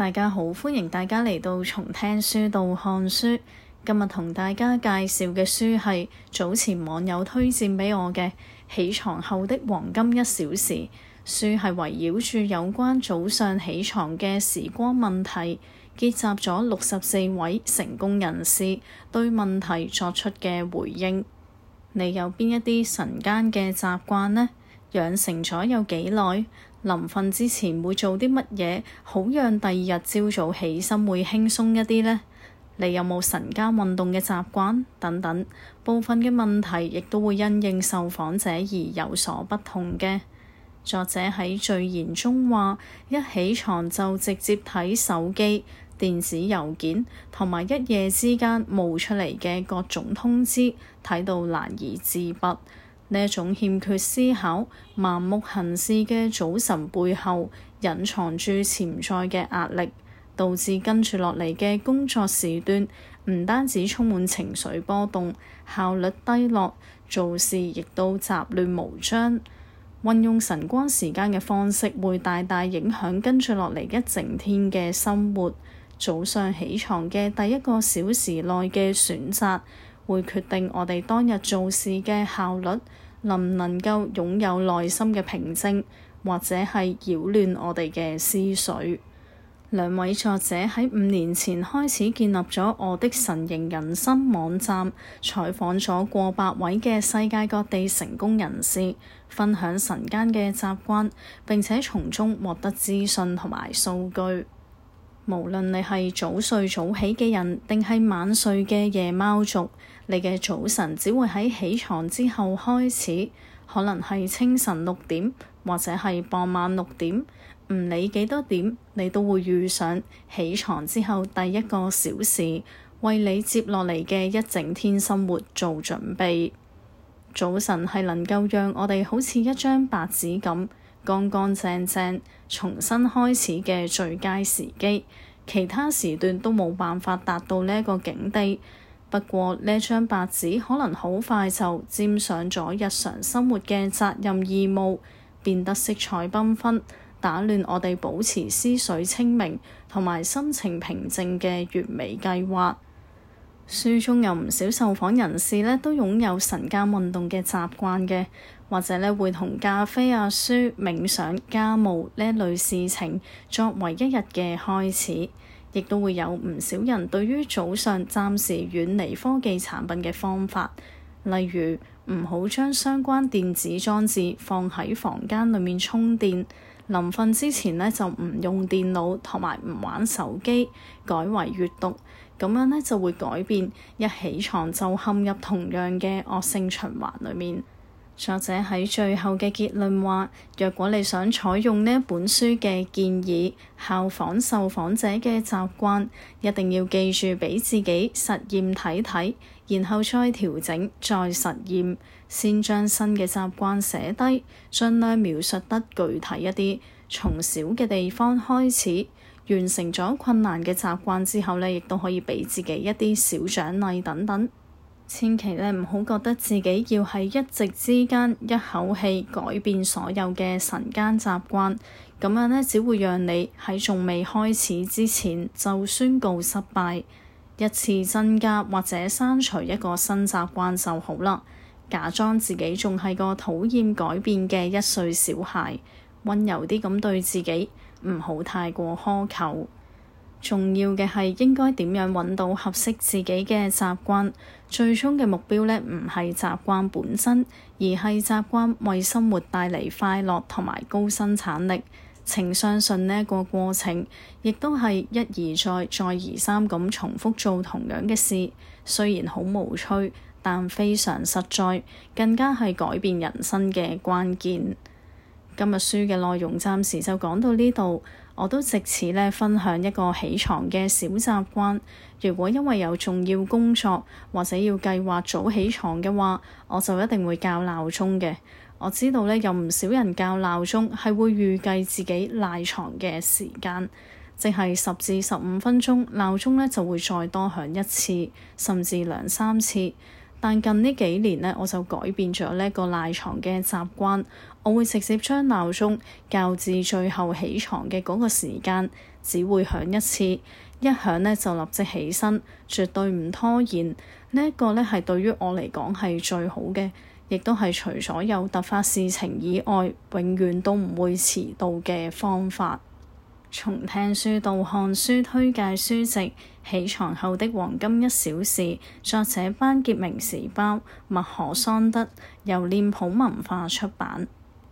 大家好，歡迎大家嚟到從聽書到看書。今日同大家介紹嘅書係早前網友推薦畀我嘅《起床後的黃金一小時》。書係圍繞住有關早上起床嘅時光問題，結集咗六十四位成功人士對問題作出嘅回應。你有邊一啲晨間嘅習慣呢？養成咗有幾耐？臨瞓之前會做啲乜嘢，好讓第二日朝早起身會輕鬆一啲呢？你有冇晨間運動嘅習慣等等？部分嘅問題亦都會因應受訪者而有所不同嘅。作者喺序言中話，一起床就直接睇手機、電子郵件同埋一夜之間冒出嚟嘅各種通知，睇到難以自拔。呢種欠缺思考、盲目行事嘅早晨背後，隱藏住潛在嘅壓力，導致跟住落嚟嘅工作時段，唔單止充滿情緒波動、效率低落、做事亦都雜亂無章。運用晨光時間嘅方式，會大大影響跟住落嚟一整天嘅生活。早上起床嘅第一個小時內嘅選擇，會決定我哋當日做事嘅效率，能唔能夠擁有內心嘅平靜，或者係擾亂我哋嘅思緒。兩位作者喺五年前開始建立咗我的晨型人生網站，採訪咗過百位嘅世界各地成功人士，分享晨間嘅習慣，並且從中獲得資訊同埋數據。無論你係早睡早起嘅人，定係晚睡嘅夜貓族。你嘅早晨只會喺起床之後開始，可能係清晨六點或者係傍晚六點，唔理幾多點，你都會遇上起床之後第一個小時為你接落嚟嘅一整天生活做準備。早晨係能夠讓我哋好似一張白紙咁乾乾淨淨重新開始嘅最佳時機，其他時段都冇辦法達到呢一個境地。不過呢張白紙可能好快就沾上咗日常生活嘅責任義務，變得色彩繽紛，打亂我哋保持思緒清明同埋心情平靜嘅完美計劃。書中有唔少受訪人士咧都擁有晨間運動嘅習慣嘅，或者咧會同咖啡啊、書、冥想、家務呢類事情作為一日嘅開始。亦都會有唔少人對於早上暫時遠離科技產品嘅方法，例如唔好將相關電子裝置放喺房間裡面充電，臨瞓之前呢就唔用電腦同埋唔玩手機，改為閲讀，咁樣呢就會改變，一起床就陷入同樣嘅惡性循環裡面。作者喺最後嘅結論話：若果你想採用呢本書嘅建議，效仿受訪者嘅習慣，一定要記住畀自己實驗睇睇，然後再調整，再實驗，先將新嘅習慣寫低，盡量描述得具體一啲，從小嘅地方開始，完成咗困難嘅習慣之後呢，亦都可以畀自己一啲小獎勵等等。千祈咧唔好覺得自己要喺一夕之間一口氣改變所有嘅晨間習慣，咁樣咧只會讓你喺仲未開始之前就宣告失敗。一次增加或者刪除一個新習慣就好啦，假裝自己仲係個討厭改變嘅一歲小孩，溫柔啲咁對自己，唔好太過苛求。重要嘅係應該點樣揾到合適自己嘅習慣。最終嘅目標咧唔係習慣本身，而係習慣為生活帶嚟快樂同埋高生產力。請相信呢個過程，亦都係一而再、再而三咁重複做同樣嘅事，雖然好無趣，但非常實在，更加係改變人生嘅關鍵。今日書嘅內容暫時就講到呢度，我都藉此咧分享一個起床嘅小習慣。如果因為有重要工作或者要計劃早起床嘅話，我就一定會教鬧鐘嘅。我知道咧有唔少人教鬧鐘係會預計自己賴床嘅時間，即係十至十五分鐘，鬧鐘咧就會再多響一次，甚至兩三次。但近呢幾年呢，我就改變咗呢一個賴牀嘅習慣。我會直接將鬧鐘校至最後起床嘅嗰個時間，只會響一次。一響呢，就立即起身，絕對唔拖延。呢一個呢，係對於我嚟講係最好嘅，亦都係除咗有突發事情以外，永遠都唔會遲到嘅方法。從聽書到看書推介書籍，起床後的黃金一小時，作者班傑明時包，麥可桑德，由臉譜文化出版。